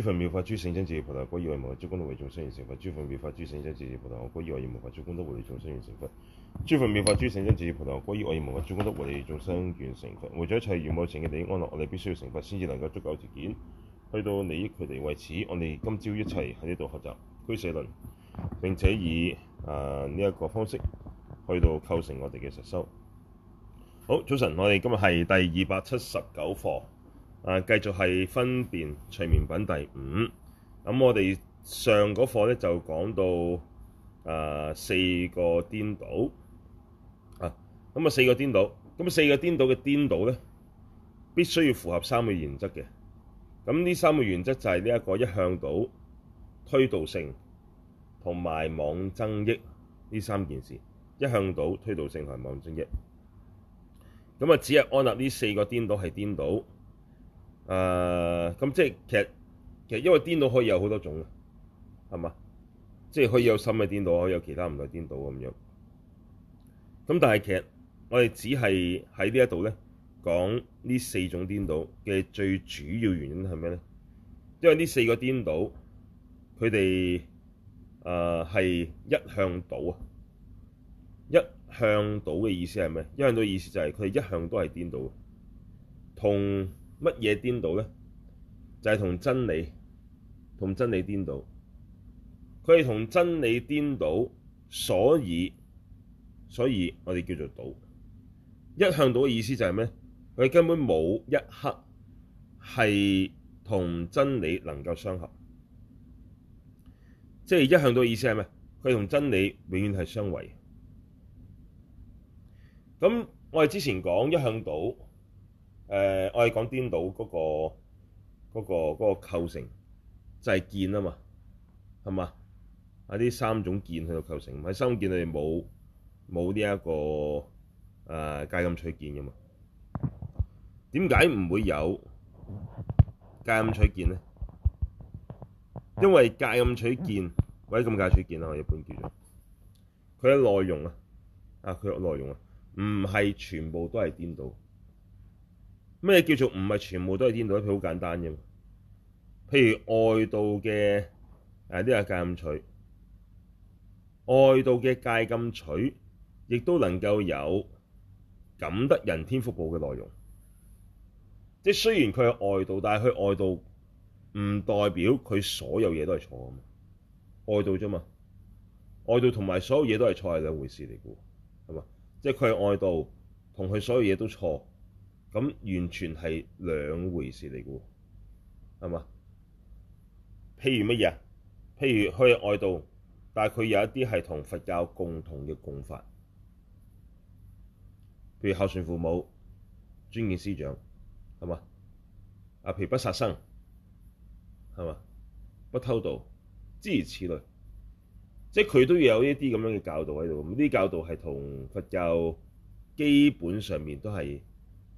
諸佛妙法，諸聖僧自菩提果以外無；諸功德為眾生願成佛。諸佛妙法，諸聖僧自菩提果以外無佛；諸功德為眾生願成佛。諸佛妙法，諸聖僧自菩提果以外無佛；諸功德為眾生願成佛。為咗一切願愛成嘅利益安樂，我哋必須要成佛先至能夠足夠條件去到利益佢哋。為此，我哋今朝一齊喺呢度學習《俱舍論》，並且以啊呢一個方式去到構成我哋嘅實修。好，早晨，我哋今日係第二百七十九課。啊，繼續係分別隨眠品第五。咁我哋上嗰課咧就講到啊、呃、四個顛倒啊。咁啊四個顛倒，咁四個顛倒嘅顛倒咧，必須要符合三個原則嘅。咁呢三個原則就係呢一個一向倒、推度性同埋妄增益呢三件事。一向倒、推度性同埋妄增益。咁啊，只係安立呢四個顛倒係顛倒。啊，咁、uh, 嗯、即係其實，其實因為顛倒可以有好多種嘅，係嘛，即係可以有心嘅顛倒，可以有其他唔同嘅顛倒咁樣。咁、嗯、但係其實我哋只係喺呢一度咧講呢四種顛倒嘅最主要原因係咩咧？因為呢四個顛倒，佢哋啊係一向倒啊，一向倒嘅意思係咩？一向倒嘅意思就係佢哋一向都係顛倒，同乜嘢顛倒咧？就係同真理同真理顛倒，佢係同真理顛倒，所以所以我哋叫做倒。一向倒嘅意思就係咩？佢根本冇一刻係同真理能夠相合，即係一向倒嘅意思係咩？佢同真理永遠係相違。咁我哋之前講一向倒。誒、呃，我哋講顛倒嗰、那個嗰、那個那個構成就係、是、見啊嘛，係嘛？啊啲三種見喺度構成，喺三種見冇冇呢一個誒戒禁取見㗎嘛？點解唔會有戒禁取見咧？因為戒禁取見或者咁戒取見啊，我一般叫做佢嘅內容啊，啊佢嘅內容啊，唔係全部都係顛倒。咩叫做唔係全部都係顛倒？佢好簡單啫。譬如外道嘅誒啲戒禁取，外道嘅戒禁取亦都能夠有感得人天福報嘅內容。即係雖然佢係外道，但係佢外道唔代表佢所有嘢都係錯啊嘛。外道啫嘛，外道同埋所有嘢都係錯係兩回事嚟嘅喎，係嘛？即係佢係外道，同佢所有嘢都錯。咁完全係兩回事嚟嘅，係嘛？譬如乜嘢啊？譬如佢係外道，但係佢有一啲係同佛教共同嘅共法，譬如孝順父母、尊敬師長，係嘛？啊，譬如不殺生，係嘛？不偷盜，諸如此類，即係佢都要有一啲咁樣嘅教導喺度。咁呢啲教導係同佛教基本上面都係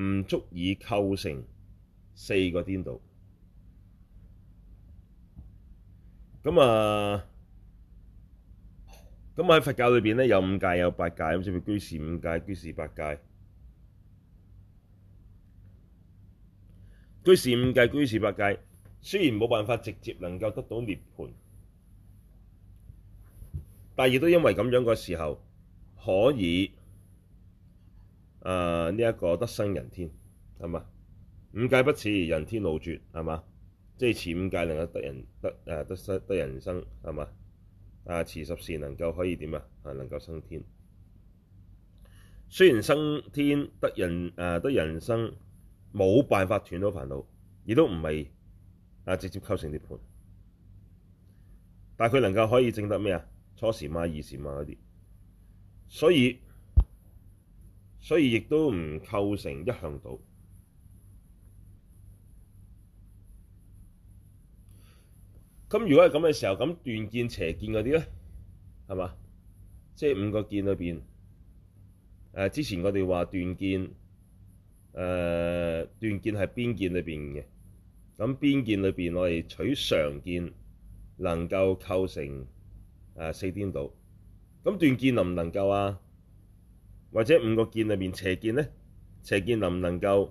唔足以構成四個顛倒。咁啊，咁喺佛教裏邊咧，有五戒，有八戒，咁譬如居士五戒、居士八戒。居士五戒、居士八戒，雖然冇辦法直接能夠得到涅槃，但亦都因為咁樣嘅時候可以。啊！呢一、呃這個得生人天係嘛？五戒不似人天老絕係嘛？即係前五戒能夠得人得誒得、呃、生得人生係嘛？啊，持、呃、十善能夠可以點啊？啊，能夠生天。雖然生天得人誒、呃、得人生冇辦法斷到煩惱，亦都唔係啊直接構成涅槃，但係佢能夠可以證得咩啊？初禪嘛，二禪嘛，嗰啲，所以。所以亦都唔構成一向倒。咁如果係咁嘅時候，咁斷見、邪見嗰啲咧，係嘛？即係五個見裏邊，誒、呃、之前我哋話斷見，誒、呃、斷見係邊見裏邊嘅？咁邊見裏邊我哋取常見能夠構成誒、呃、四顛倒。咁斷見能唔能夠啊？或者五個見裏面邪見呢？邪見能唔能夠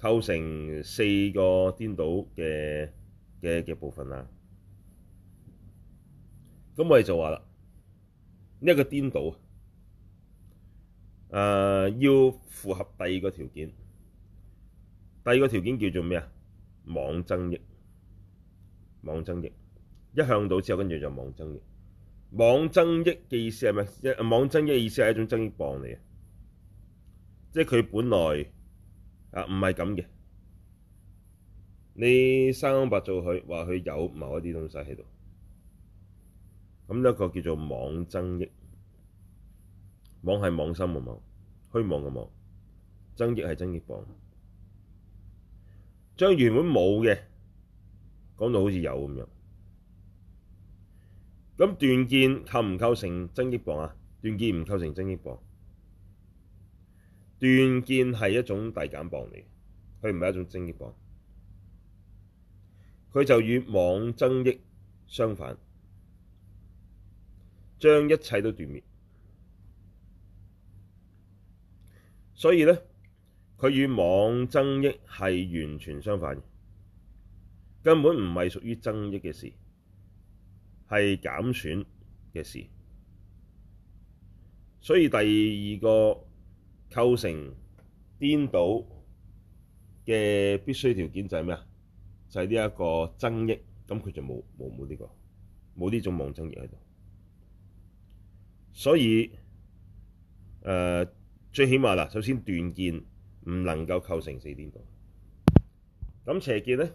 構成四個顛倒嘅嘅嘅部分啊？咁我哋就話啦，呢、這、一個顛倒啊，誒，要符合第二個條件。第二個條件叫做咩啊？妄增益。妄增益一向倒之後，跟住就妄增益。妄增益嘅意思係咩？妄增益嘅意思係一種增益磅嚟啊！即係佢本來啊，唔係咁嘅。你生安白造，佢話佢有某一啲東西喺度，咁一個叫做妄增益。妄係妄心嘅妄，虛妄嘅妄。增益係增益謗，將原本冇嘅講到好似有咁樣。咁斷見構唔構成增益謗啊？斷見唔構成增益謗。斷見係一種大減磅嚟，佢唔係一種增益磅，佢就與妄增益相反，將一切都斷滅，所以咧，佢與妄增益係完全相反，根本唔係屬於增益嘅事，係減損嘅事，所以第二個。構成顛倒嘅必須條件就係咩啊？就係呢一個增益，咁佢就冇冇冇呢個，冇呢種妄增益喺度。所以誒、呃，最起碼啦，首先斷見唔能夠構成四顛倒。咁邪見咧，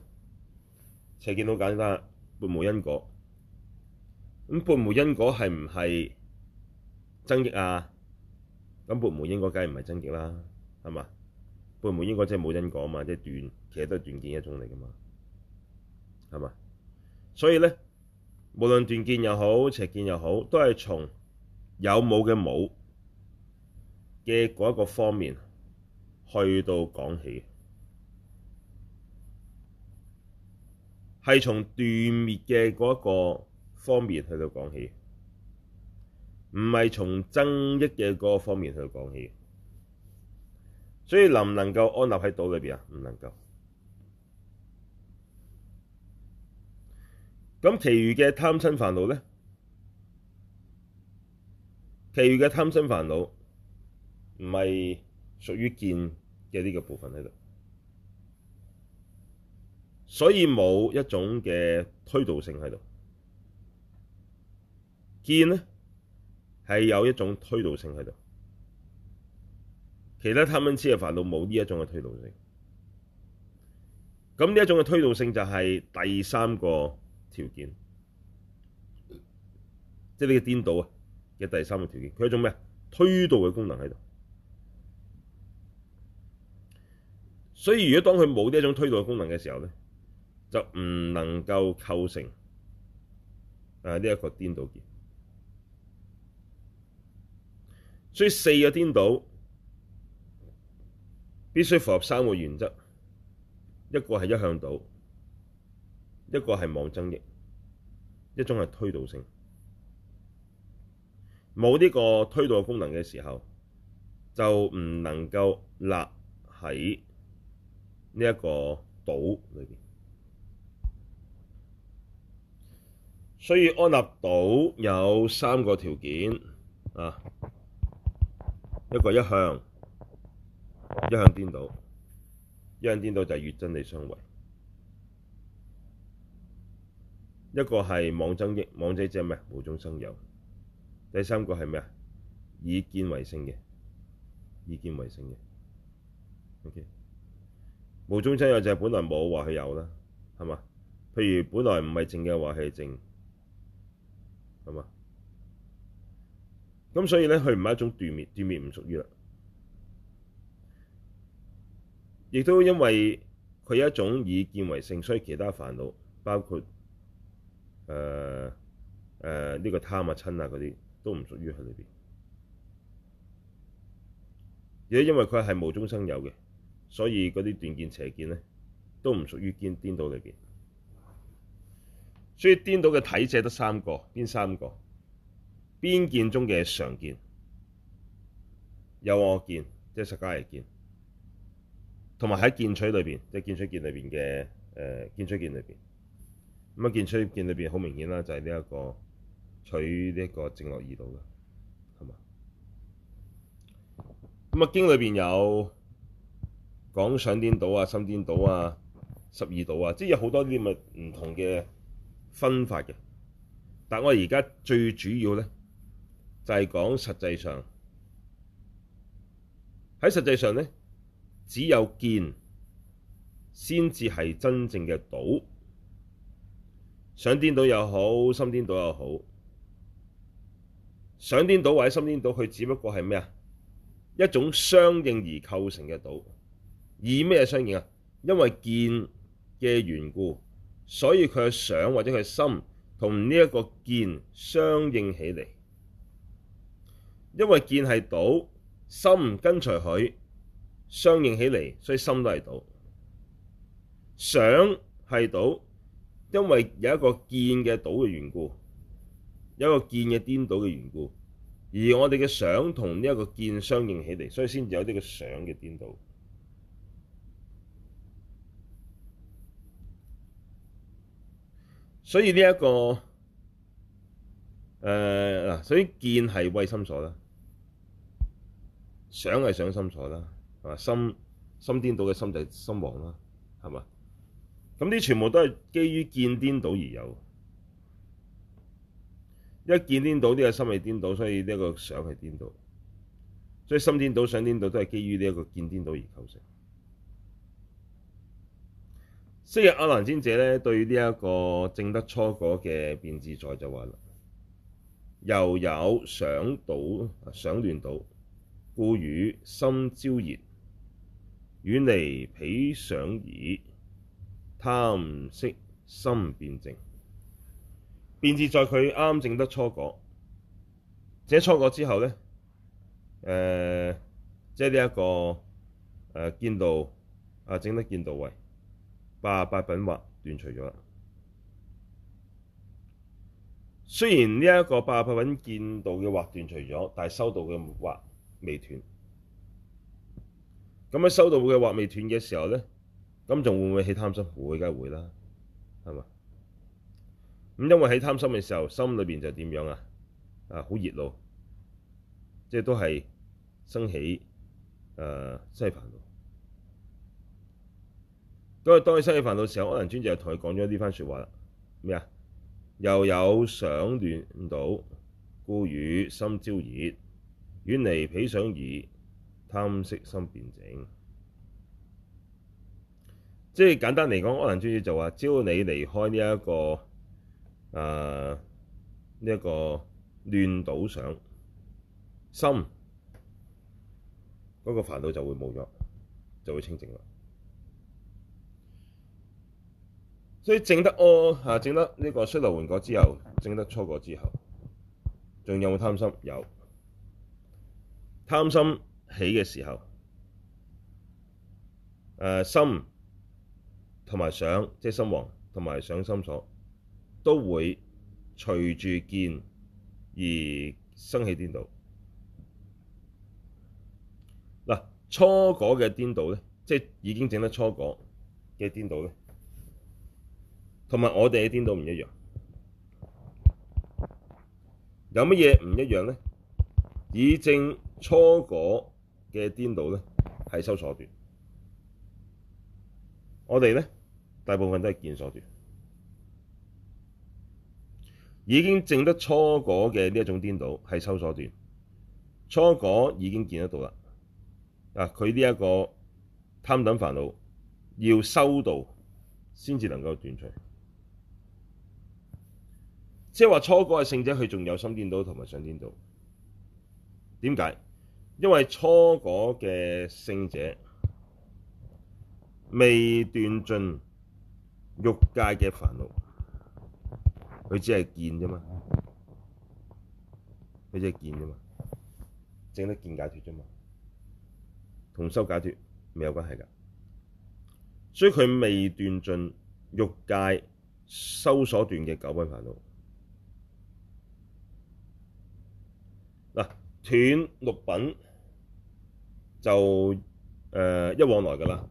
邪見好簡單，撥無因果。咁撥無因果係唔係增益啊？咁本門應該梗係唔係真極啦，係嘛？本門應該即係冇因果啊嘛，即係斷，其實都係斷見一種嚟噶嘛，係嘛？所以咧，無論斷見又好，邪見又好，都係從有冇嘅冇嘅嗰一個方面去到講起，係從斷滅嘅嗰一個方面去到講起。唔係從增益嘅嗰個方面去講起，所以能唔能夠安立喺倒裏邊啊？唔能夠。咁其餘嘅貪瞋煩惱咧，其餘嘅貪瞋煩惱唔係屬於見嘅呢個部分喺度，所以冇一種嘅推度性喺度，見咧。係有一種推度性喺度，其他貪嗔痴嘅煩惱冇呢一種嘅推度性。咁呢一種嘅推度性就係第、啊、第三個條件，即係呢個顛倒啊嘅第三個條件。佢係一種咩？推度嘅功能喺度。所以如果當佢冇呢一種推度嘅功能嘅時候咧，就唔能夠構成誒呢一個顛倒見。所以四個顛倒必須符合三個原則，一個係一向倒，一個係妄增益，一種係推度性。冇呢個推度功能嘅時候，就唔能夠立喺呢一個倒裏邊。所以安立倒有三個條件啊。一個一向一向顛倒，一向顛倒就係越真理相違。一個係妄增益，妄者即係咩？無中生有。第三個係咩啊？以見為性嘅，以見為性嘅。OK，無中生有就係本來冇話佢有啦，係嘛？譬如本來唔係淨嘅話佢係淨，係嘛？咁所以咧，佢唔係一種斷滅，斷滅唔屬於啦。亦都因為佢有一種以見為性，所以其他煩惱，包括誒誒呢個貪啊、瞋啊嗰啲，都唔屬於喺裏邊。亦都因為佢係無中生有嘅，所以嗰啲斷見、邪見咧，都唔屬於見顛倒裏邊。所以顛倒嘅體只得三個，邊三個？邊見中嘅常見有我見，即係薩迦耶見，同埋喺見取裏邊，即係見取見裏邊嘅誒見取見裏邊。咁啊，見取見裏邊好明顯啦，這個，就係呢一個取呢一個淨樂二倒嘅。係嘛？咁啊經裏邊有講想顛倒啊、心顛倒啊、十二倒啊，即係有好多啲嘅唔同嘅分法嘅。但我而家最主要咧。就係講實際上，喺實際上咧，只有見先至係真正嘅倒。想顛倒又好，心顛倒又好，想顛倒或者心顛倒，佢只不過係咩啊？一種相應而構成嘅倒。以咩相應啊？因為見嘅緣故，所以佢嘅想或者佢嘅心同呢一個見相應起嚟。因為見係倒，心唔跟隨佢，相應起嚟，所以心都係倒。想係倒，因為有一個見嘅倒嘅緣故，有一個見嘅顛倒嘅緣故，而我哋嘅想同呢一個見相應起嚟，所以先至有呢個想嘅顛倒。所以呢、這、一個。誒嗱，所以、呃、見係慧心所啦，想係想心所啦，係嘛？心心顛倒嘅心就係心王啦，係嘛？咁啲全部都係基於見顛倒而有，一見顛倒，呢、這個心係顛倒，所以呢個想係顛倒，所以心顛倒、想顛倒都係基於呢一個見顛倒而構成。昔日阿南天者阿難尊者咧，對呢一個證得初果嘅辨自在就話啦。由有想倒想亂倒，故汝心焦熱，遠離彼想已，貪息心便淨。辨自在、辨自在佢啱證得初果。這初果之後呢，誒、呃，即係呢一個誒、呃、見道，啊，證得見道位，把八品惑斷除咗雖然呢一個八百品見道嘅惑斷除咗，但係修道嘅惑未斷。咁喺修道嘅惑未斷嘅時候咧，咁仲會唔會起貪心？會，梗係會啦，係嘛？咁因為起貪心嘅時候，心裏邊就點樣啊？啊，好熱惱，即係都係升起誒，生起煩惱。咁、呃、啊，當佢升起煩惱，起煩惱時候，阿難尊者就同佢講咗呢番説話啦。咩啊？由有想亂倒，故汝心焦熱，遠離彼想已，貪息心便淨。即係簡單嚟講，阿難尊者就話：只要你離開呢、這、一個，誒呢一個亂倒想，心，嗰、那個煩惱就會冇咗，就會清靜啦。所以證得哦，嚇、啊、證得呢個須陀洹果之後，證得初果之後，仲有冇貪心？有貪心起嘅時候，誒、呃、心同埋想，即係心王同埋想心所，都會隨住見而生起顛倒。嗱、啊，初果嘅顛倒咧，即係已經證得初果嘅顛倒咧。同埋我哋嘅顛倒唔一樣，有乜嘢唔一樣咧？已證初果嘅顛倒咧，係修所斷。我哋咧大部分都係見所斷。已經證得初果嘅呢一種顛倒係修所斷。初果已經見得到啦，啊！佢呢一個貪等煩惱要修道先至能夠斷除。即係話初果嘅聖者，佢仲有心顛倒同埋想顛倒。點解？因為初果嘅聖者未斷盡欲界嘅煩惱，佢只係見啫嘛，佢只係見啫嘛，整得見解脫啫嘛，同修解脫未有關係㗎。所以佢未斷盡欲界修所斷嘅九品煩惱。嗱，斷六品就誒、呃、一往來噶啦，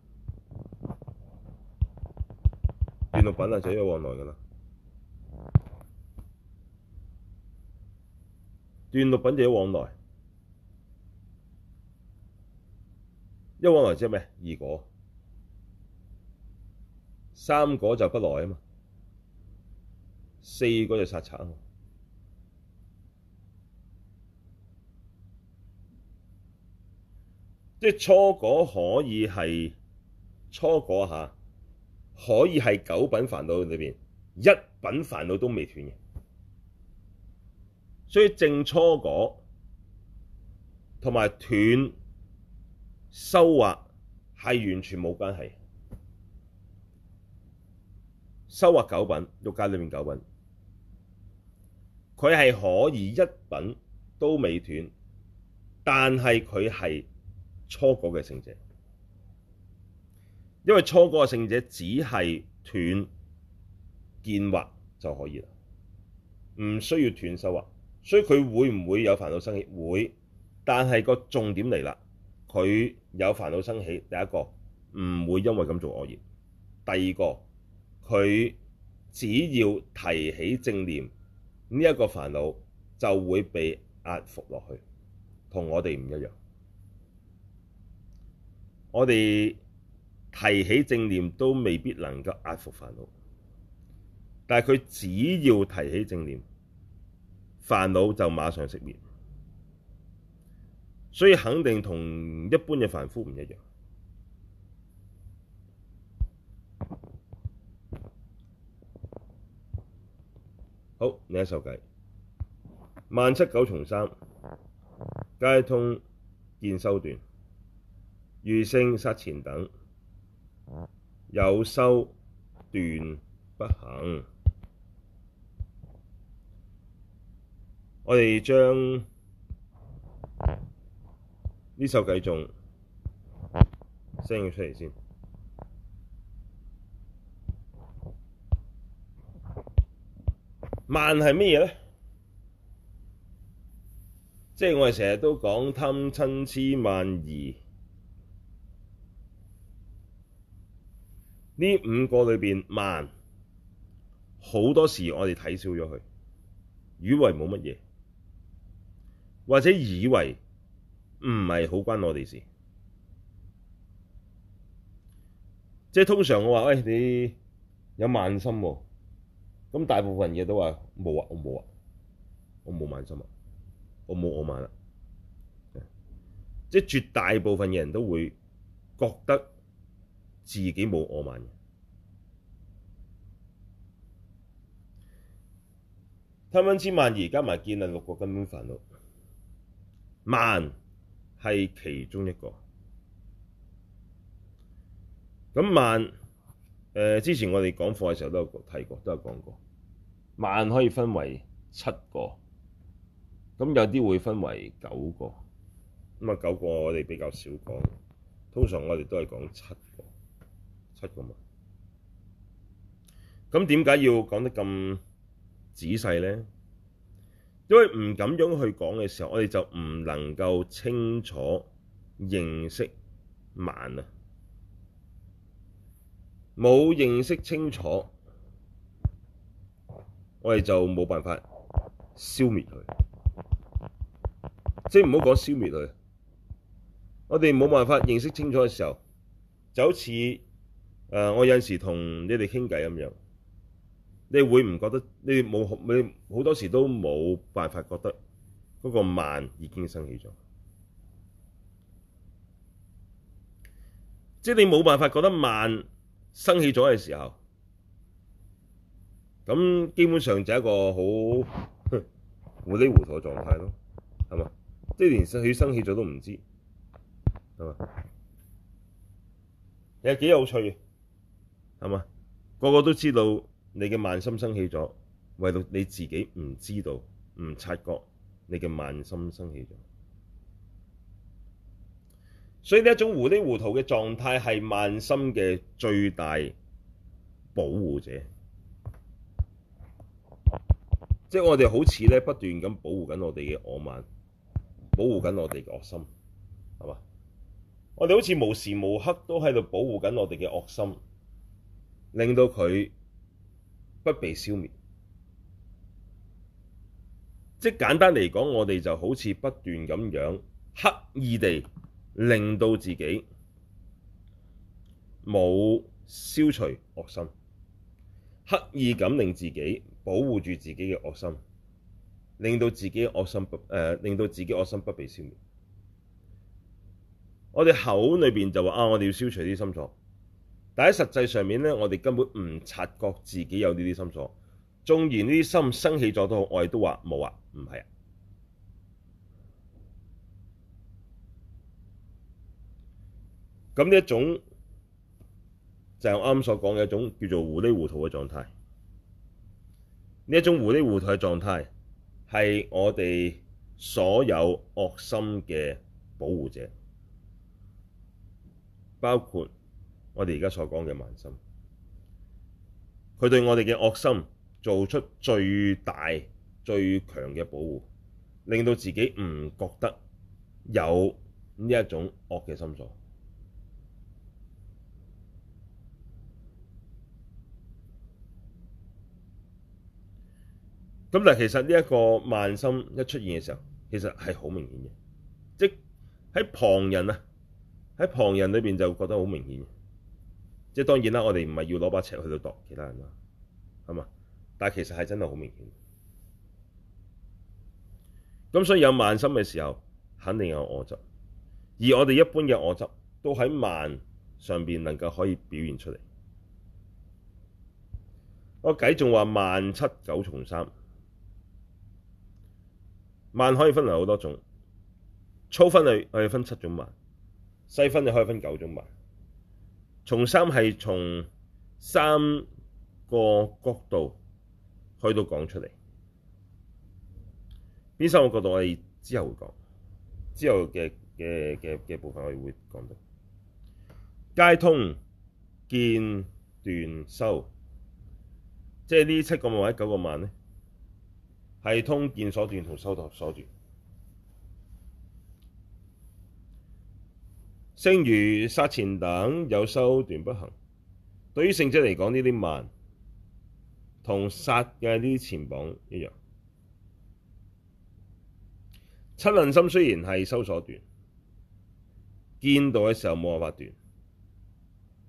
斷六品就一往來噶啦，斷六品就一往來，一往來即係咩？二果，三果就不來啊嘛，四果就殺賊啊嘛。即係初果可以係初果嚇，可以係九品煩惱裏邊一品煩惱都未斷嘅，所以證初果同埋斷修惑係完全冇關係。修惑九品，欲界裏邊九品，佢係可以一品都未斷，但係佢係。初果嘅聖者，因為初果嘅聖者只係斷見惑就可以啦，唔需要斷修惑，所以佢會唔會有煩惱生起？會，但係個重點嚟啦，佢有煩惱生起，第一個唔會因為咁做惡業，第二個佢只要提起正念，呢一個煩惱就會被壓服落去，同我哋唔一樣。我哋提起正念都未必能夠壓服煩惱，但係佢只要提起正念，煩惱就馬上熄滅。所以肯定同一般嘅凡夫唔一樣。好，另一首偈：慢七九從三，皆通見修斷。聖如殺纏等，有修斷不行。我哋將呢首偈仲聲出嚟先。慢係咩嘢呢？即係我哋成日都講貪嗔痴慢疑。呢五個裏邊慢，好多時我哋睇少咗佢，以為冇乜嘢，或者以為唔係好關我哋事，即係通常我話喂，你有慢心喎、哦，咁大部分嘢都話冇啊，我冇啊，我冇慢心啊，我冇我慢啦、啊，即係絕大部分嘅人都會覺得。自己冇我慢嘅，貪瞋痴慢疑加埋見呢六個根本煩惱，慢係其中一個。咁慢誒、呃，之前我哋講課嘅時候都有提過，都有講過。慢可以分為七個，咁有啲會分為九個。咁啊，九個我哋比較少講，通常我哋都係講七。七個慢，咁點解要講得咁仔細呢？因為唔咁樣去講嘅時候，我哋就唔能夠清楚認識慢。啊，冇認識清楚，我哋就冇辦法消滅佢。即係唔好講消滅佢，我哋冇辦法認識清楚嘅時候，就好似。誒，uh, 我有陣時同你哋傾偈咁樣，你會唔覺得你冇你好多時都冇辦法覺得嗰個慢已經生起咗，即係你冇辦法覺得慢生起咗嘅時候，咁基本上就係一個好糊裏糊塗嘅狀態咯，係嘛？即係連佢生起咗都唔知，係嘛？你幾有趣嘅～係嘛？個個都知道你嘅慢心生起咗，唯獨你自己唔知道、唔察覺你嘅慢心生起咗。所以呢一種糊裡糊塗嘅狀態係慢心嘅最大保護者，即係我哋好似咧不斷咁保護緊我哋嘅我慢，保護緊我哋嘅惡心，係嘛？我哋好似無時無刻都喺度保護緊我哋嘅惡心。令到佢不被消滅，即係簡單嚟講，我哋就好似不斷咁樣刻意地令到自己冇消除惡心，刻意咁令自己保護住自己嘅惡心，令到自己惡心不誒、呃，令到自己惡心不被消滅。我哋口裏邊就話啊，我哋要消除啲心臟。但喺實際上面咧，我哋根本唔察覺自己有呢啲心所，縱然呢啲心生起咗都好，我哋都話冇啊，唔係啊。咁呢一種就係、是、我啱啱所講嘅一種叫做糊裏糊塗嘅狀態。呢一種糊裏糊塗嘅狀態係我哋所有惡心嘅保護者，包括，我哋而家所講嘅慢心，佢對我哋嘅惡心做出最大、最強嘅保護，令到自己唔覺得有呢一種惡嘅心所。咁但係其實呢一個慢心一出現嘅時候，其實係好明顯嘅，即係喺旁人啊，喺旁人裏邊就覺得好明顯。即係當然啦，我哋唔係要攞把尺去度度其他人啦，係嘛？但係其實係真係好明顯。咁所以有慢心嘅時候，肯定有我執，而我哋一般嘅我執都喺慢上邊能夠可以表現出嚟。我計仲話慢七九從三，慢可以分為好多種，粗分類可以分七種慢，細分就可以分九種慢。從三係從三個角度去到講出嚟，邊三個角度我哋之後會講，之後嘅嘅嘅嘅部分我哋會講到皆通見修斷，即係呢七個慢或者九個慢咧，係通見所斷同修同所斷。聖如殺纏等，有修斷不行，對於聖者嚟講呢啲慢，同殺嘅呢啲纏縛一樣。瞋恨心雖然係修所斷，見到嘅時候冇辦法斷，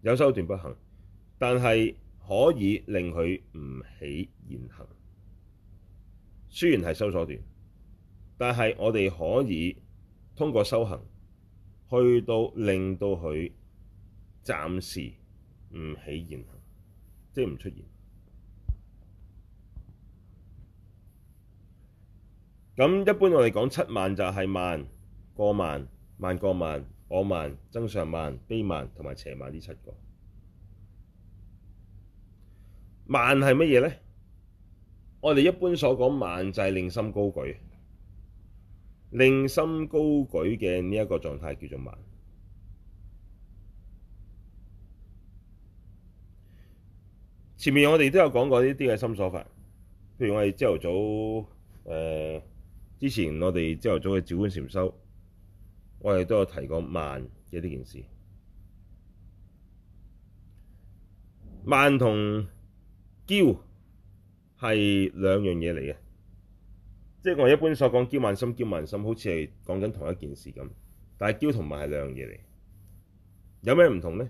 有修斷不行，但係可以令佢唔起現行。雖然係修所斷，但係我哋可以通過修行。去到令到佢暫時唔起現行，即係唔出現。咁一般我哋講七慢就係慢、過慢、慢過慢、我慢、增上慢、卑慢同埋邪慢呢七個。慢係乜嘢咧？我哋一般所講慢就係令心高舉。令心高舉嘅呢一個狀態叫做慢。前面我哋都有講過呢啲嘅心所法，譬如我哋朝頭早，誒、呃，之前我哋朝頭早嘅照觀禪修，我哋都有提過慢嘅呢件事。慢同憍係兩樣嘢嚟嘅。即係我一般所講憍慢心憍慢心，好似係講緊同一件事咁，但係憍同慢係兩樣嘢嚟。有咩唔同呢？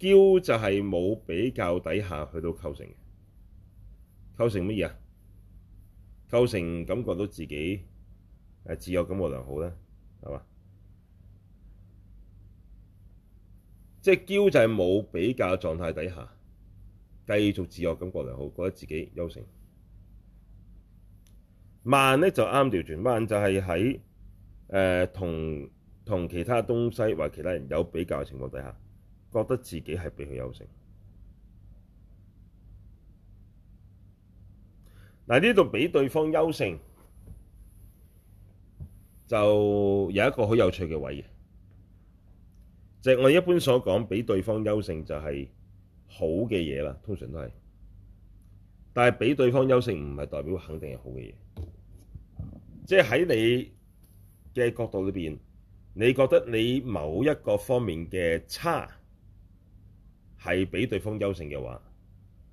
憍就係冇比較底下去到構成，構成乜嘢啊？構成感覺到自己係、呃、自我感覺良好啦，係嘛？即係憍就係冇比較狀態底下，繼續自我感覺良好，覺得自己優勝。慢咧，就啱調轉，慢就，就係喺誒同同其他東西或其他人有比較嘅情況底下，覺得自己係比佢優勝。嗱，呢度比對方優勝就有一個好有趣嘅位嘅，即係我一般所講比對方優勝就係好嘅嘢啦，通常都係。但係比對方優勝唔係代表肯定係好嘅嘢，即係喺你嘅角度裏邊，你覺得你某一個方面嘅差係比對方優勝嘅話，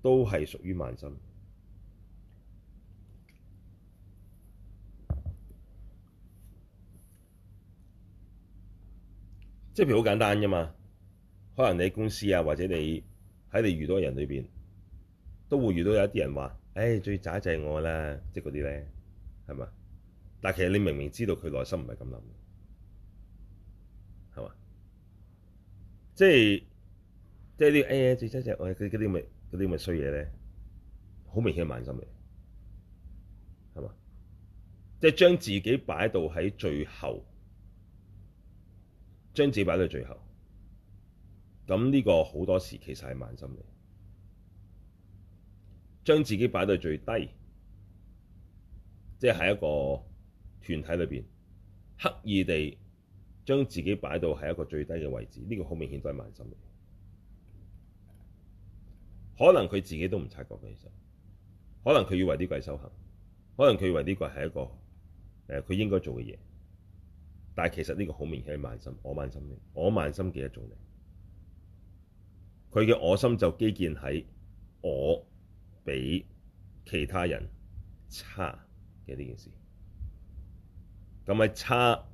都係屬於慢心。即係譬如好簡單啫嘛，可能你喺公司啊，或者你喺你遇到嘅人裏邊。都會遇到有一啲人話，誒、哎、最渣就係我啦，即係嗰啲咧，係咪？但係其實你明明知道佢內心唔係咁諗，係嘛？即係即係啲誒最渣就係我，佢嗰啲咪嗰啲衰嘢咧，好明顯係慢心嚟，係嘛？即係將自己擺到喺最後，將自己擺到最後，咁呢個好多時其實係慢心嚟。將自己擺到最低，即係喺一個團體裏邊，刻意地將自己擺到喺一個最低嘅位置，呢個好明顯都係慢心嚟。可能佢自己都唔察覺嘅，其實可能佢以為呢個修行，可能佢以為呢個係一個誒，佢應該做嘅嘢，但係其實呢個好明顯係慢心，我慢心嘅，我慢心嘅一種嚟。佢嘅我心就基建喺我，比其他人差嘅呢件事，咁係差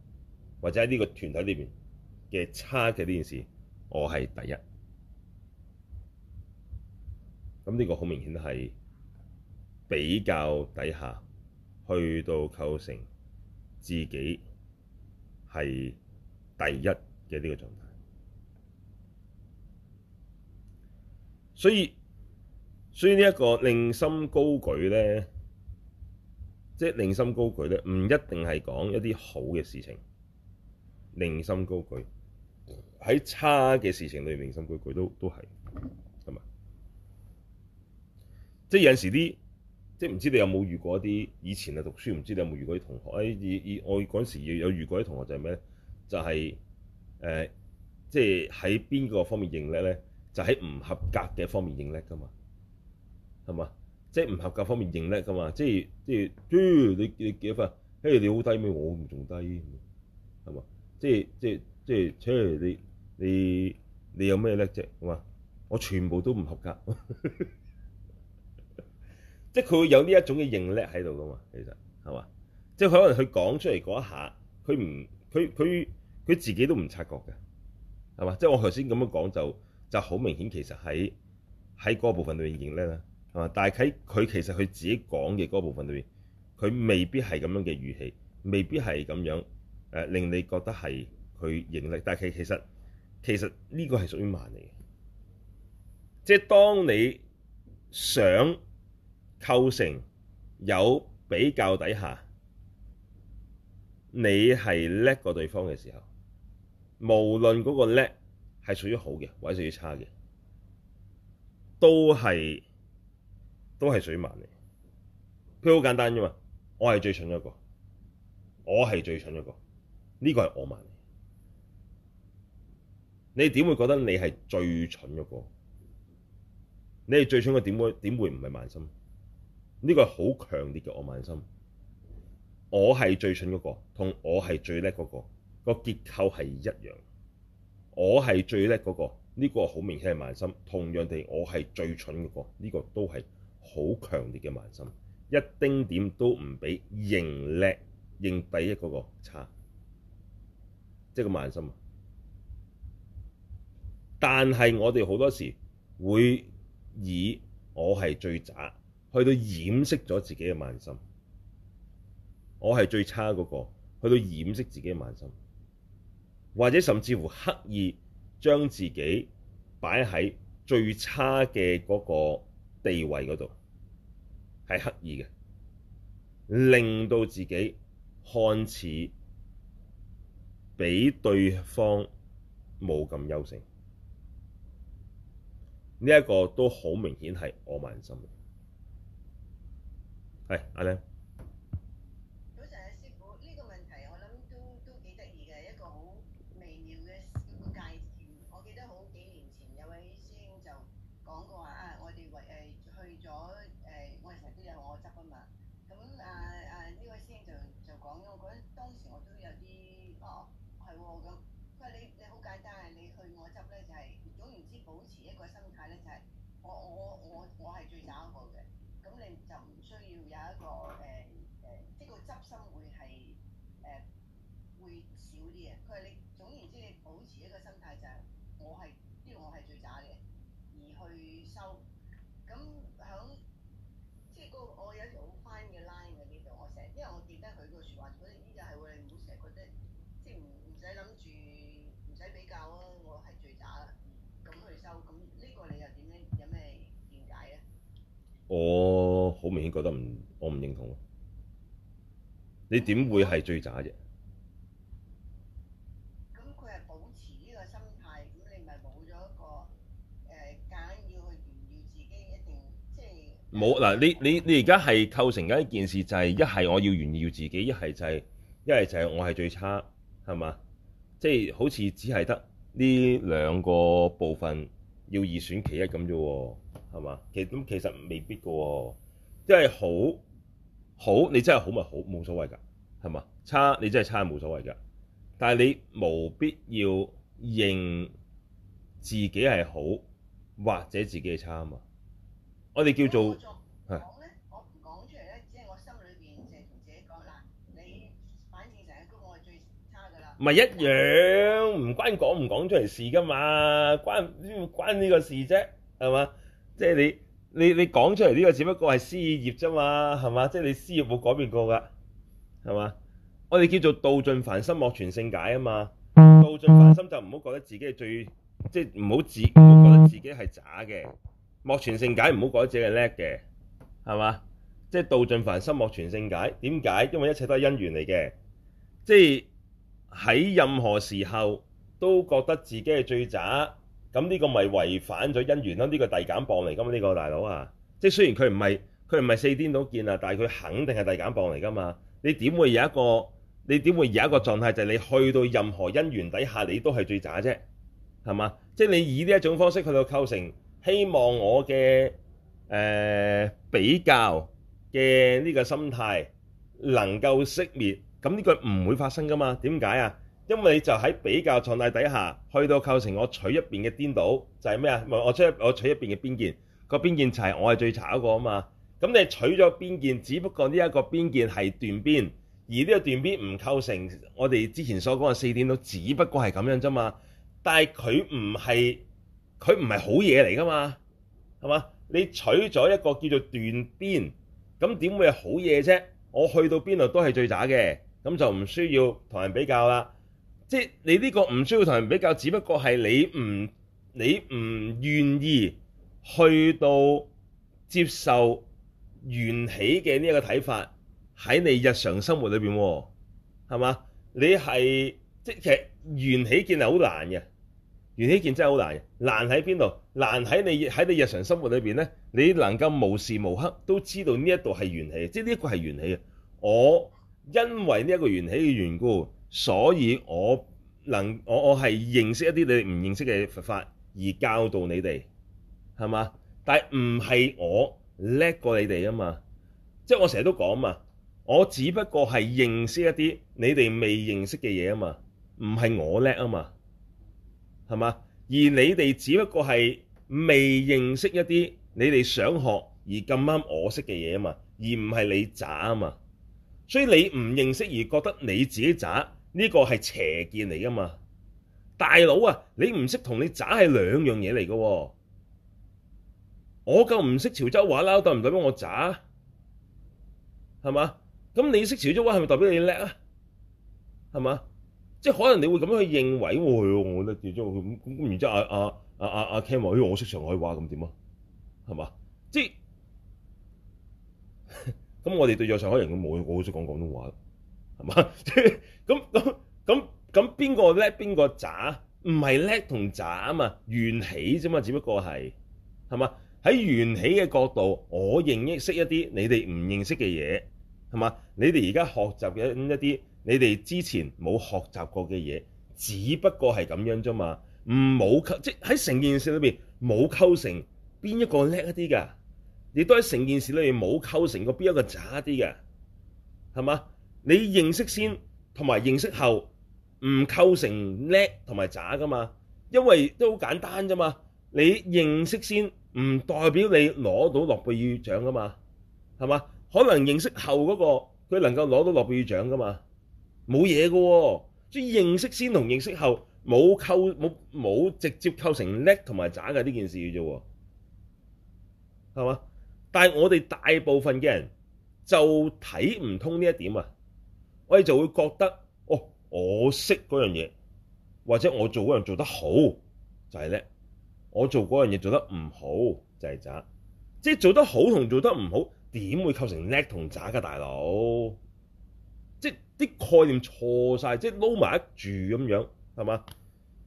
或者喺呢個團體裏邊嘅差嘅呢件事，我係第一。咁呢個好明顯係比較底下，去到構成自己係第一嘅呢個狀態。所以。所以呢一個令心高舉咧，即係令心高舉咧，唔一定係講一啲好嘅事情，令心高舉喺差嘅事情裏面，令心高舉都都係，係嘛？即係有時啲，即係唔知你有冇遇過一啲以前啊讀書，唔知你有冇遇過啲同學？誒、哎，以以我嗰陣時有遇過啲同學就係咩咧？就係、是、誒、呃，即係喺邊個方面認叻咧？就喺、是、唔合格嘅方面認叻噶嘛。係嘛？即係唔合格方面認叻㗎嘛？即係即係，你你幾多分？誒你好低咩？我唔仲低，係嘛？即係即係即係，除非你你你有咩叻啫？哇！我全部都唔合格， 即係佢會有呢一種嘅認叻喺度㗎嘛？其實係嘛？即佢可能佢講出嚟嗰一下，佢唔佢佢佢自己都唔察覺嘅，係嘛？即係我頭先咁樣講就就好明顯，其實喺喺嗰部分裏邊認叻啦。啊！但係喺佢其實佢自己講嘅嗰部分裏邊，佢未必係咁樣嘅語氣，未必係咁樣誒、呃、令你覺得係佢盈利。但係其實其實呢個係屬於慢嚟嘅，即係當你想構成有比較底下，你係叻過對方嘅時候，無論嗰個叻係屬於好嘅，或者屬於差嘅，都係。都係水慢嚟，佢好簡單啫嘛。我係最蠢一個，我係最蠢一個。呢個係我慢嚟。你點會覺得你係最蠢一個？你係最蠢嘅，點會點會唔係慢心？呢個係好強烈嘅我慢心。我係最蠢嗰個，同我係最叻嗰個個結構係一樣。我係最叻嗰個，呢個好明顯係慢心。同樣地，我係最蠢嗰個，呢個都係。好強烈嘅慢心，一丁點都唔俾盈力贏第一嗰個差，即係個慢心。但係我哋好多時會以我係最渣，去到掩飾咗自己嘅慢心，我係最差嗰個，去到掩飾自己嘅慢心，或者甚至乎刻意將自己擺喺最差嘅嗰個地位嗰度係刻意嘅，令到自己看似比對方冇咁優勝。呢、這、一個都好明顯係我慢心嚟。係，阿靚。 會少啲啊！佢話你總言之，你保持一個心態就係我係，呢個我係最渣嘅，而去收咁響。即係個我有條好 fine 嘅 line 喺度，我成日因為我記得佢個説話，所以呢個係會唔好成日覺得即係唔唔使諗住，唔使比較啊！我係最渣啦，咁去收咁，呢個你又點樣咧？有咩見解咧？我好明顯覺得唔，我唔認同。你點會係最渣啫？冇嗱，你你你而家係構成緊一件事，就係一係我要炫耀自己，一係就係一係就係我係最差，係嘛？即係好似只係得呢兩個部分要二選其一咁啫喎，係嘛？其咁其實未必噶，因為好好你真係好咪好冇所謂㗎，係嘛？差你真係差冇所謂㗎，但係你無必要認自己係好或者自己係差啊嘛。我哋叫做，講咧，我唔講出嚟咧，只係我心裏邊淨係同自己講啦。你反正成一個，我係最差噶啦。唔係一樣，唔關講唔講出嚟事噶嘛，關關呢個事啫，係嘛？即係你你你講出嚟呢個只不過係事業啫嘛，係嘛？即係你事業冇改變過㗎，係嘛？我哋叫做道盡凡心莫傳聖解啊嘛。道盡凡，凡心就唔好覺得自己係最，即係唔好自唔好覺得自己係渣嘅。莫存聖解，唔好改自己係叻嘅，係嘛？即係道盡凡心莫存聖解。點解？因為一切都係因緣嚟嘅。即係喺任何時候都覺得自己係最渣，咁呢個咪違反咗因緣咯？呢個遞減謗嚟㗎嘛？呢個大佬啊，即係雖然佢唔係佢唔係四顛倒見啊，但係佢肯定係遞減謗嚟㗎嘛？你點會有一個？你點會有一個狀態就係你去到任何因緣底下你都係最渣啫？係嘛？即係你以呢一種方式去到構成。希望我嘅誒、呃、比較嘅呢個心態能夠熄滅，咁呢個唔會發生噶嘛？點解啊？因為你就喺比較狀態底下，去到構成我取一邊嘅顛倒，就係咩啊？我將我取一邊嘅邊見，個邊見就係，我係最差一個啊嘛。咁你取咗邊見，只不過呢一個邊見係斷邊，而呢個斷邊唔構成我哋之前所講嘅四顛倒，只不過係咁樣啫嘛。但係佢唔係。佢唔係好嘢嚟㗎嘛，係嘛？你取咗一個叫做斷邊，咁點會係好嘢啫？我去到邊度都係最渣嘅，咁就唔需要同人比較啦。即係你呢個唔需要同人比較，只不過係你唔你唔願意去到接受緣起嘅呢一個睇法喺你日常生活裏邊，係嘛？你係即係其實緣起見係好難嘅。緣起件真係好難嘅，難喺邊度？難喺你喺你日常生活裏邊呢？你能夠無時無刻都知道呢一度係緣起，即係呢一個係緣起啊！我因為呢一個緣起嘅緣故，所以我能我我係認識一啲你唔認識嘅佛法，而教導你哋，係嘛？但係唔係我叻過你哋啊嘛？即係我成日都講嘛，我只不過係認識一啲你哋未認識嘅嘢啊嘛，唔係我叻啊嘛。係嘛？而你哋只不過係未認識一啲你哋想學而咁啱我識嘅嘢啊嘛，而唔係你渣啊嘛。所以你唔認識而覺得你自己渣，呢個係邪見嚟噶嘛。大佬啊，你唔識同你渣係兩樣嘢嚟嘅。我夠唔識潮州話啦，代唔代表我渣？係嘛？咁你識潮州話係咪代表你叻啊？係嘛？即係可能你會咁樣去認為喎，我覺得點咗，佢咁咁，然之後阿阿阿阿阿 Ken 話，咦，我識上海話，咁點啊？係、啊啊啊啊啊、嘛？即係咁，我哋對咗上海人都冇，我好識講廣東話，係嘛？咁咁咁咁邊個叻邊個渣？唔係叻同渣啊嘛，緣起啫嘛，只不過係係嘛？喺緣起嘅角度，我認識一啲你哋唔認識嘅嘢，係嘛？你哋而家學習嘅一啲。你哋之前冇學習過嘅嘢，只不過係咁樣啫嘛。唔冇即喺成件事裏邊冇構成邊一個叻一啲㗎，亦都喺成件事裏面冇構成過邊一個渣一啲㗎，係嘛？你認識先同埋認識後唔構成叻同埋渣㗎嘛？因為都好簡單啫嘛。你認識先唔代表你攞到諾貝爾獎㗎嘛？係嘛？可能認識後嗰個佢能夠攞到諾貝爾獎㗎嘛？冇嘢㗎，即係認識先同認識後冇構冇冇直接構成叻同埋渣嘅呢件事嘅啫，係嘛？但係我哋大部分嘅人就睇唔通呢一點啊。我哋就會覺得哦，我識嗰樣嘢，或者我做嗰樣做得好就係叻，我做嗰樣嘢做得唔好就係渣，即係做得好同做得唔好點會構成叻同渣㗎，大佬？即係啲概念錯晒，即係撈埋一住咁樣，係嘛？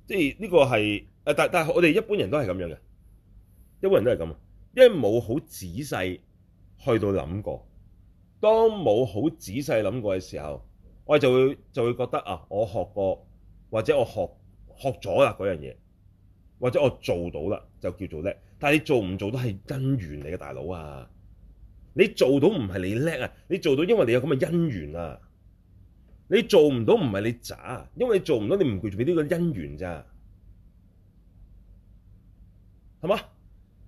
即係呢個係誒，但但係我哋一般人都係咁樣嘅，一般人都係咁啊，因為冇好仔細去到諗過。當冇好仔細諗過嘅時候，我哋就會就會覺得啊，我學過或者我學學咗啦嗰樣嘢，或者我做到啦就叫做叻。但係你做唔做都係因緣嚟嘅，大佬啊！你做到唔係你叻啊，你做到因為你有咁嘅因緣啊。你做唔到唔係你渣，因為你做唔到你唔具備呢個因緣咋，係嘛？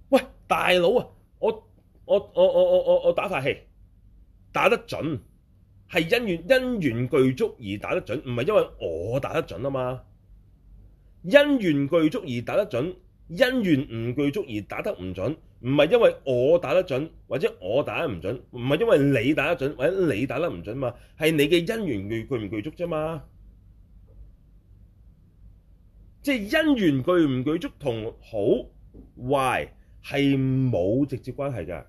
喂，大佬啊，我我我我我我，我打發氣，打得準，係因緣因緣具足而打得準，唔係因為我打得準啊嘛，因緣具足而打得準。因緣唔具足而打得唔準，唔係因為我打得準，或者我打得唔準，唔係因為你打得準，或者你打得唔準嘛，係你嘅因緣具唔具足啫嘛。即係因緣具唔具足同好壞係冇直接關係㗎。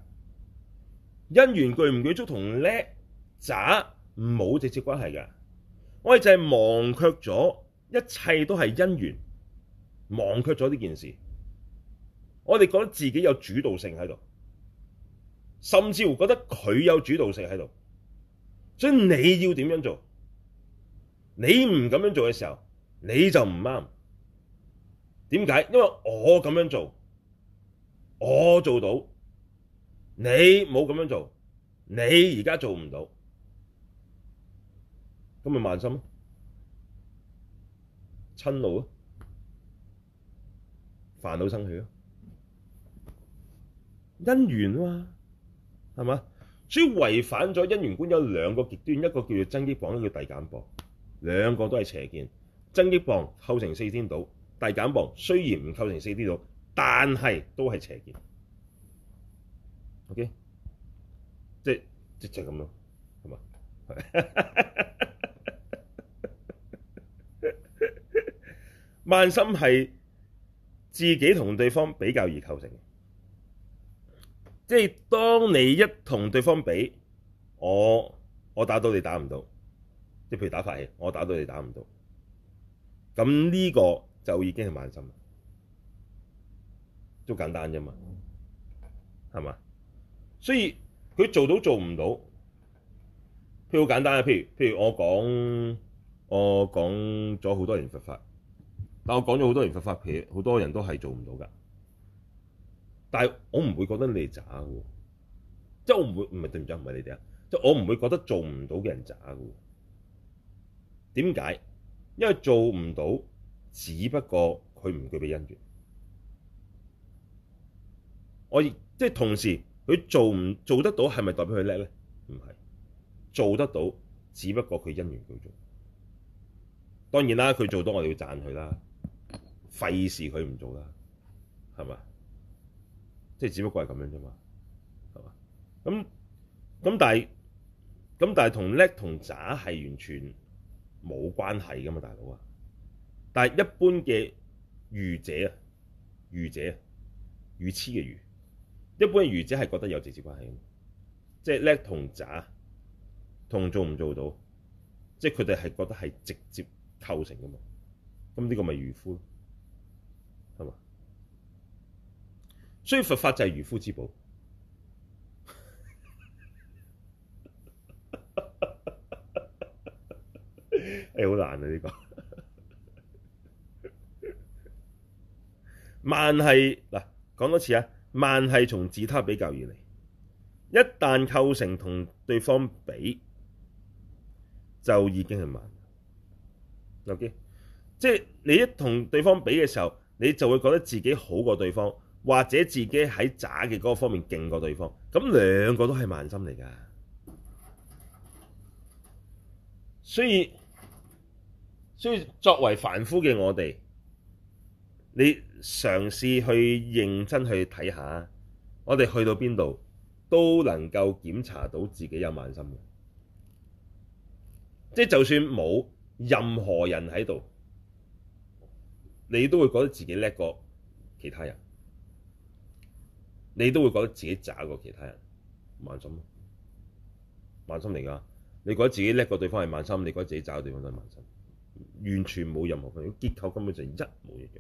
因緣具唔具足同叻渣冇直接關係㗎。我哋就係忘卻咗，一切都係因緣，忘卻咗呢件事。我哋覺得自己有主導性喺度，甚至乎覺得佢有主導性喺度。所以你要點樣做？你唔咁樣做嘅時候，你就唔啱。點解？因為我咁樣做，我做到，你冇咁樣做，你而家做唔到，咁咪慢心咯，親怒咯、啊，煩惱生氣咯、啊。因緣啊嘛，係嘛？所以違反咗因緣觀有兩個極端，一個叫做增益磅，一個叫遞減磅。兩個都係邪見。增益磅構成四顛倒，遞減磅雖然唔構成四顛倒，但係都係邪見。OK，即係即係咁咯，係、就、嘛、是？係。 慢心係自己同對方比較而構成。即係當你一同對方比，我我打到你打唔到，即係譬如打法器，我打到你打唔到，咁呢個就已經係慢心啦，都簡單啫嘛，係嘛？所以佢做到做唔到，佢好簡單啊。譬如譬如，譬如我講我講咗好多年佛法，但我講咗好多年佛法，好多人都係做唔到㗎。但係我唔會覺得你哋渣嘅，即係我唔會唔係隊長唔係你哋啊！即係我唔會覺得做唔到嘅人渣嘅。點解？因為做唔到，只不過佢唔具備因緣。我亦即係同時，佢做唔做得到係咪代表佢叻咧？唔係，做得到，只不過佢因緣具足。當然啦，佢做到我哋要讚佢啦，費事佢唔做啦，係咪？即係只不過係咁樣啫嘛，係嘛？咁咁但係咁但係同叻同渣係完全冇關係噶嘛，大佬啊！但係一般嘅愚者啊，愚者，愚痴嘅愚，一般愚者係覺得有直接關係嘅，即係叻同渣同做唔做到，即係佢哋係覺得係直接構成噶嘛，咁呢個咪愚夫最佛法就係愚夫之寶，誒 好、 欸、難啊！呢個慢係嗱講多次啊，慢係從自他比較而嚟。一旦構成同對方比，就已經係慢。OK，即係你一同對方比嘅時候，你就會覺得自己好過對方。或者自己喺渣嘅嗰個方面勁過對方，咁兩個都係慢心嚟㗎。所以，所以作為凡夫嘅我哋，你嘗試去認真去睇下，我哋去到邊度都能夠檢查到自己有慢心嘅，即係就算冇任何人喺度，你都會覺得自己叻過其他人。你都會覺得自己渣過其他人，慢心咯，慢心嚟噶。你覺得自己叻過對方係慢心，你覺得自己渣過對方都係慢心，完全冇任何分。結構根本就一模一樣。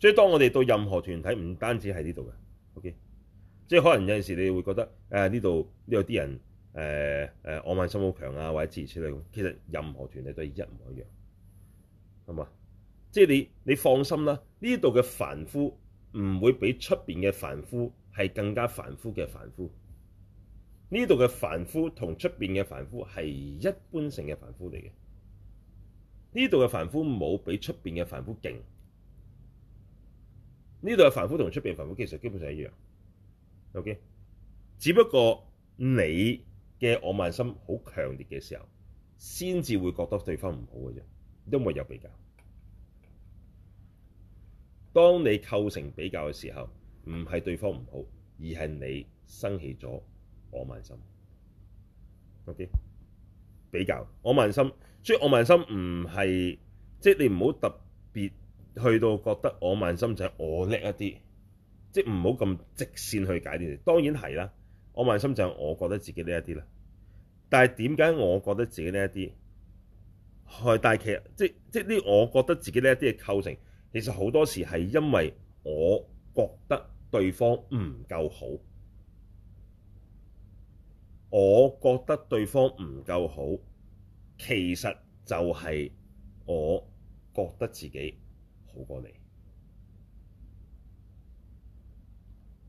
所以當我哋對任何團體，唔單止係呢度嘅，O.K.，即係可能有陣時你會覺得，誒呢度呢度啲人，誒誒我慢心好強啊，或者諸如此類咁。其實任何團體都係一模一樣，係嘛？即係你你放心啦，呢度嘅凡夫。唔會比出邊嘅凡夫係更加凡夫嘅凡夫。呢度嘅凡夫同出邊嘅凡夫係一般性嘅凡夫嚟嘅。呢度嘅凡夫冇比出邊嘅凡夫勁。呢度嘅凡夫同出邊凡夫其實基本上一樣。OK，只不過你嘅傲慢心好強烈嘅時候，先至會覺得對方唔好嘅啫，因為有比較。當你構成比較嘅時候，唔係對方唔好，而係你生起咗我慢心。Okay? 比較我慢心，所以我慢心唔係，即係你唔好特別去到覺得我慢心就係我叻一啲，即係唔好咁直線去解呢啲。當然係啦、啊，我慢心就係我覺得自己叻一啲啦。但係點解我覺得自己叻一啲？係但係其實即即係呢？即係、我覺得自己叻一啲嘅構成。其實好多時係因為我覺得對方唔夠好，我覺得對方唔夠好，其實就係我覺得自己好過你，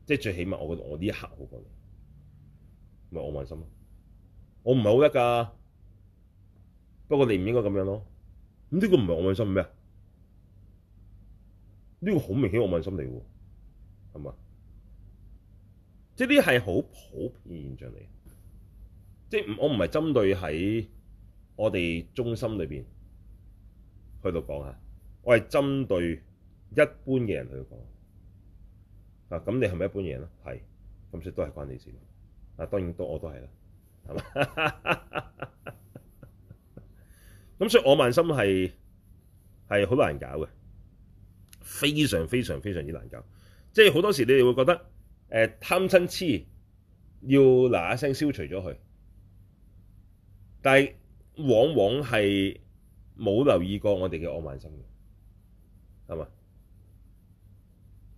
即係最起碼我覺得我呢一刻好過你，咪我慢心咯，我唔係好得㗎，不過你唔應該咁樣咯，咁呢個唔係我慢心咩啊？呢個好明顯，我慢心嚟喎，係嘛？即係呢係好普遍現象嚟，即係我唔係針對喺我哋中心裏邊去到講嚇，我係針對一般嘅人去講。啊，咁你係咪一般嘅人咧？係，咁所以都係關你事。啊，當然都我都係啦，係嘛？咁 所以我慢，我慢心係係好難搞嘅。非常非常非常之難搞，即係好多時你會覺得誒、呃、貪嗔痴要嗱一聲消除咗佢，但係往往係冇留意過我哋嘅傲慢心嘅，係嘛？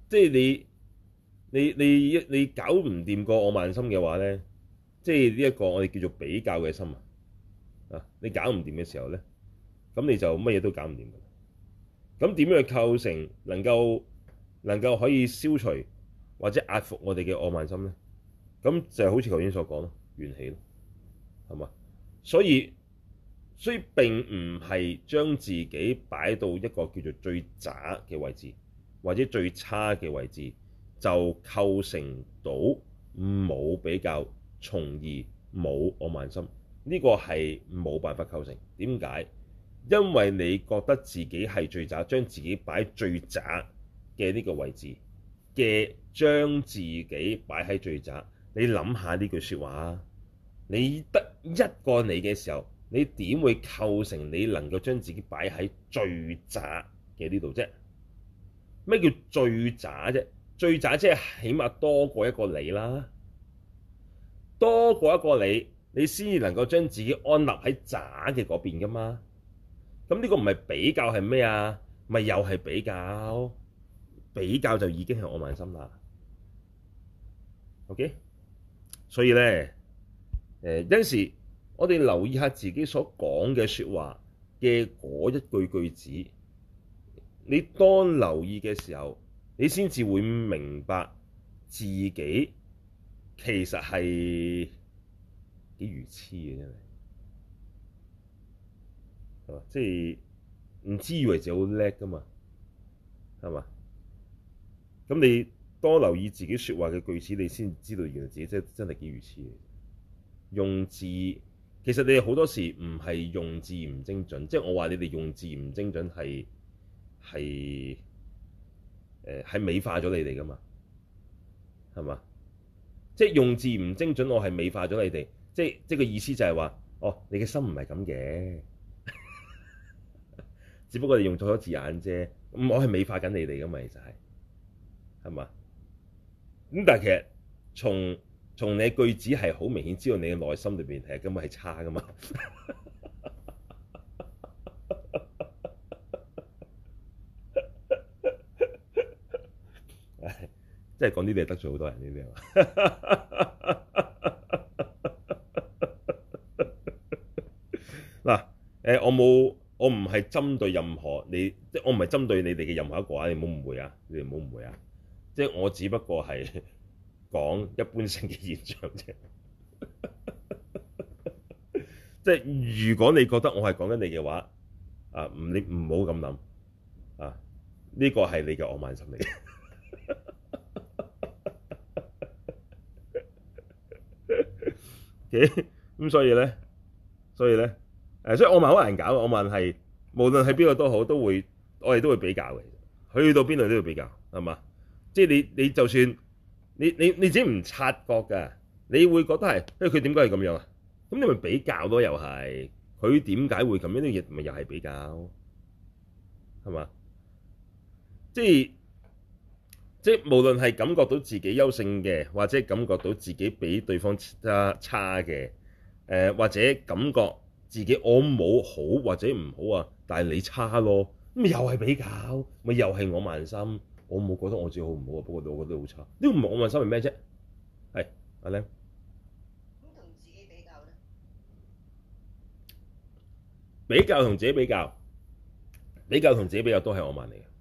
即係你你你你搞唔掂個傲慢心嘅話咧，即係呢一個我哋叫做比較嘅心啊！你搞唔掂嘅時候咧，咁你就乜嘢都搞唔掂。咁點樣去構成能夠能夠可以消除或者壓服我哋嘅傲慢心呢？咁就好似頭先所講咯，怨氣咯，係嘛？所以所以並唔係將自己擺到一個叫做最渣嘅位置，或者最差嘅位置，就構成到冇比較，從而冇傲慢心。呢個係冇辦法構成。點解？因為你覺得自己係最渣，將自己擺最渣嘅呢個位置嘅，將自己擺喺最渣。你諗下呢句説話，你得一個你嘅時候，你點會構成你能夠將自己擺喺最渣嘅呢度啫？咩叫最渣啫？最渣即係起碼多過一個你啦，多過一個你，你先至能夠將自己安立喺渣嘅嗰邊噶嘛？咁呢個唔係比較係咩啊？咪又係比較，比較就已經係我慢心啦。OK，所以咧，誒，有時我哋留意下自己所講嘅説話嘅嗰一句句子，你當留意嘅時候，你先至會明白自己其實係幾愚痴嘅真係。即係唔知以為自己好叻噶嘛，係嘛？咁你多留意自己説話嘅句子，你先知道原來自己真真係幾愚痴。用字其實你哋好多時唔係用字唔精準，即係我話你哋用字唔精準係係誒，係美化咗你哋噶嘛？係嘛？即係用字唔精準，我係美化咗你哋。即即個意思就係話，哦，你嘅心唔係咁嘅。只不過你用錯咗字眼啫，咁我係美化緊你哋㗎嘛，其實係，係嘛？咁但係其實從從你句子係好明顯知道你嘅內心裏邊係根本係差㗎嘛，唉、 哎，即係講啲嘢得罪好多人啲咩啊？嗱、 哎，誒我冇。我唔係針對任何你，即係我唔係針對你哋嘅任何一個啊！你唔好誤會啊！你哋唔好誤會啊！即係我只不過係講一般性嘅現象啫。 即係如果你覺得我係講緊你嘅話，啊唔你唔好咁諗啊，呢個係你嘅傲慢心理。咁 所以咧，所以咧。誒，所以我慢好難搞。我慢係無論係邊個都好，都會我哋都會比較嘅。去到邊度都要比較，係嘛？即係你你就算你你你自己唔察覺㗎，你會覺得係，因、欸、為佢點解係咁樣啊？咁你咪比較咯，又係佢點解會咁樣啲嘢，咪又係比較，係嘛？即係即係無論係感覺到自己優勝嘅，或者感覺到自己比對方差差嘅，誒、呃、或者感覺。自己我冇好或者唔好啊，但係你差咯，咁又係比較，咪又係我慢心，我冇覺得我自己好唔好啊，不過我覺得好差，呢唔係我慢心係咩啫？係，阿、啊、靚。咁同自己比較咧？比較同自己比較，比較同自己比較都係我慢嚟嘅。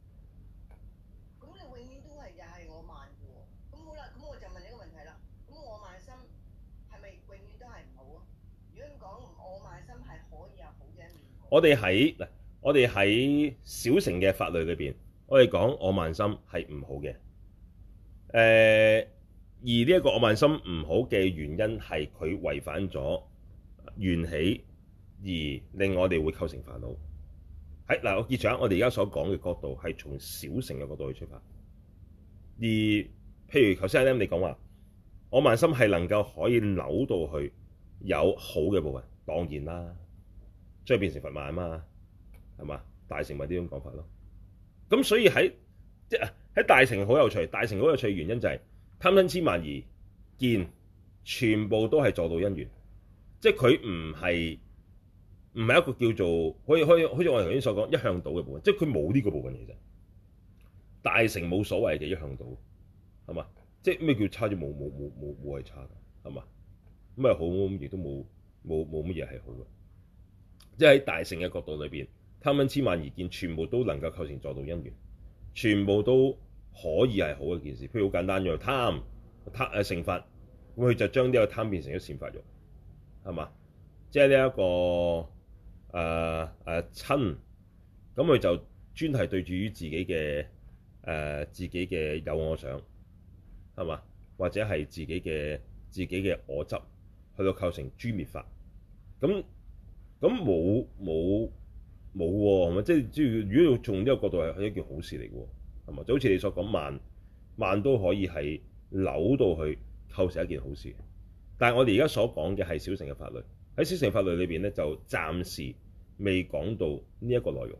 我哋喺嗱，我哋喺小乘嘅法律裏邊，我哋講我慢心係唔好嘅。誒、呃，而呢一個我慢心唔好嘅原因係佢違反咗緣起，而令我哋會構成煩惱。喺、哎、嗱，我結上我哋而家所講嘅角度係從小乘嘅角度去出發。而譬如頭先阿咧，你講話我慢心係能夠可以扭到去有好嘅部分，當然啦。將變成佛晚嘛，係嘛？大乘咪呢種講法咯。咁所以喺即係喺大乘好有趣，大乘好有趣嘅原因就係、是、貪嗔痴慢疑見，全部都係助道因緣。即係佢唔係唔係一個叫做可以可以可以好似我頭先所講一向倒嘅部分，即係佢冇呢個部分嚟嘅。大乘冇所謂嘅一向倒，係嘛？即係咩叫差？就冇冇冇冇冇係差嘅，係嘛？咁，啊好亦都冇冇冇乜嘢係好嘅。即喺大乘嘅角度裏邊，貪瞋痴慢疑見，全部都能夠構成助道因緣，全部都可以係好嘅一件事。譬如好簡單嘅貪貪誒、啊、成法，咁佢就將呢個貪變成咗善法欲，係嘛？即係呢一個誒誒、呃啊、親，咁佢就專係對住於自己嘅誒、呃、自己嘅有我想，係嘛？或者係自己嘅自己嘅我執，去到構成諸滅法，咁。咁冇冇冇喎，係咪？即係，即係，如果從呢個角度係一件好事嚟嘅，係咪就好似你所講慢慢都可以係扭到去構成一件好事？但係我哋而家所講嘅係小城嘅法律，喺小城法律裏邊咧，就暫時未講到呢一個內容。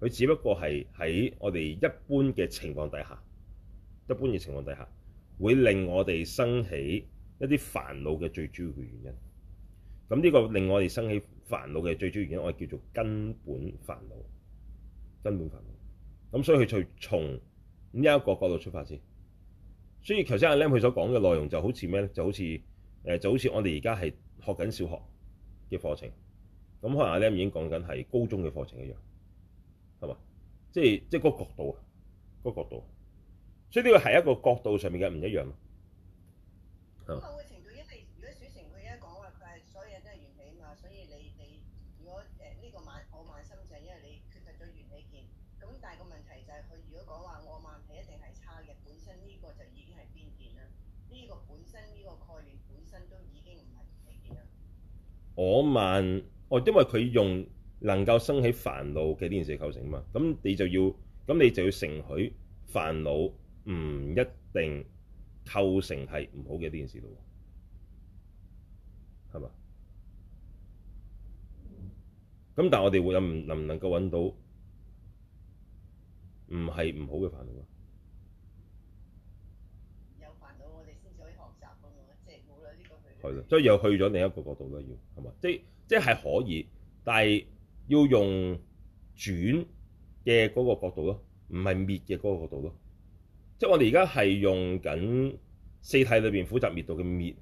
佢只不過係喺我哋一般嘅情況底下，一般嘅情況底下會令我哋生起一啲煩惱嘅最主要嘅原因。咁呢個令我哋生起。煩惱嘅最主要原因，我哋叫做根本煩惱，根本煩惱。咁所以佢就從呢一個角度出發先。所以頭先阿 lem 佢所講嘅內容就好似咩咧？就好似誒，就好似我哋而家係學緊小學嘅課程。咁可能阿 lem 已經講緊係高中嘅課程一樣，係嘛？即係即係，嗰個角度啊，嗰個角度。所以呢個係一個角度上面嘅唔一樣咯。係嘛？我問，哦，因為佢用能夠生起煩惱嘅呢件事構成啊嘛，咁你就要，咁你就要承許煩惱唔一定構成係唔好嘅呢件事咯，係嘛？咁但係我哋會有唔能唔能夠揾到唔係唔好嘅煩惱啊？係，所以又去咗另一個角度啦，要係嘛？即即係可以，但係要用轉嘅嗰個角度咯，唔係滅嘅嗰個角度咯。即係我哋而家係用緊四諦裏邊苦集滅道嘅滅，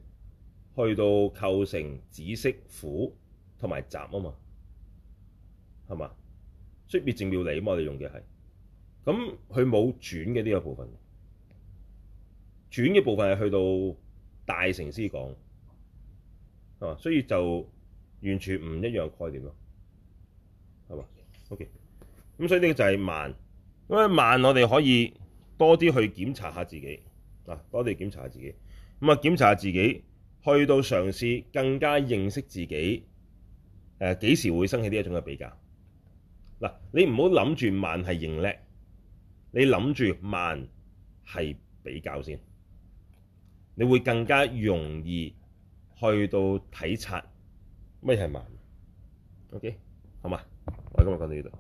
去到構成、紫色、苦同埋集啊嘛，係嘛？所以滅靜妙離嘛，我哋用嘅係，咁佢冇轉嘅呢個部分，轉嘅部分係去到大乘師講。係，所以就完全唔一樣概念咯，係嘛？OK，咁所以呢個就係慢。因為慢，我哋可以多啲去檢查下自己，啊，多啲檢查下自己。咁啊，檢查下自己，去到嘗試更加認識自己。誒、呃，幾時會生起呢一種嘅比較？嗱，你唔好諗住慢係認叻，你諗住慢係比較先，你會更加容易。去到體察乜嘢係慢？OK，好嘛，我今日講到呢度。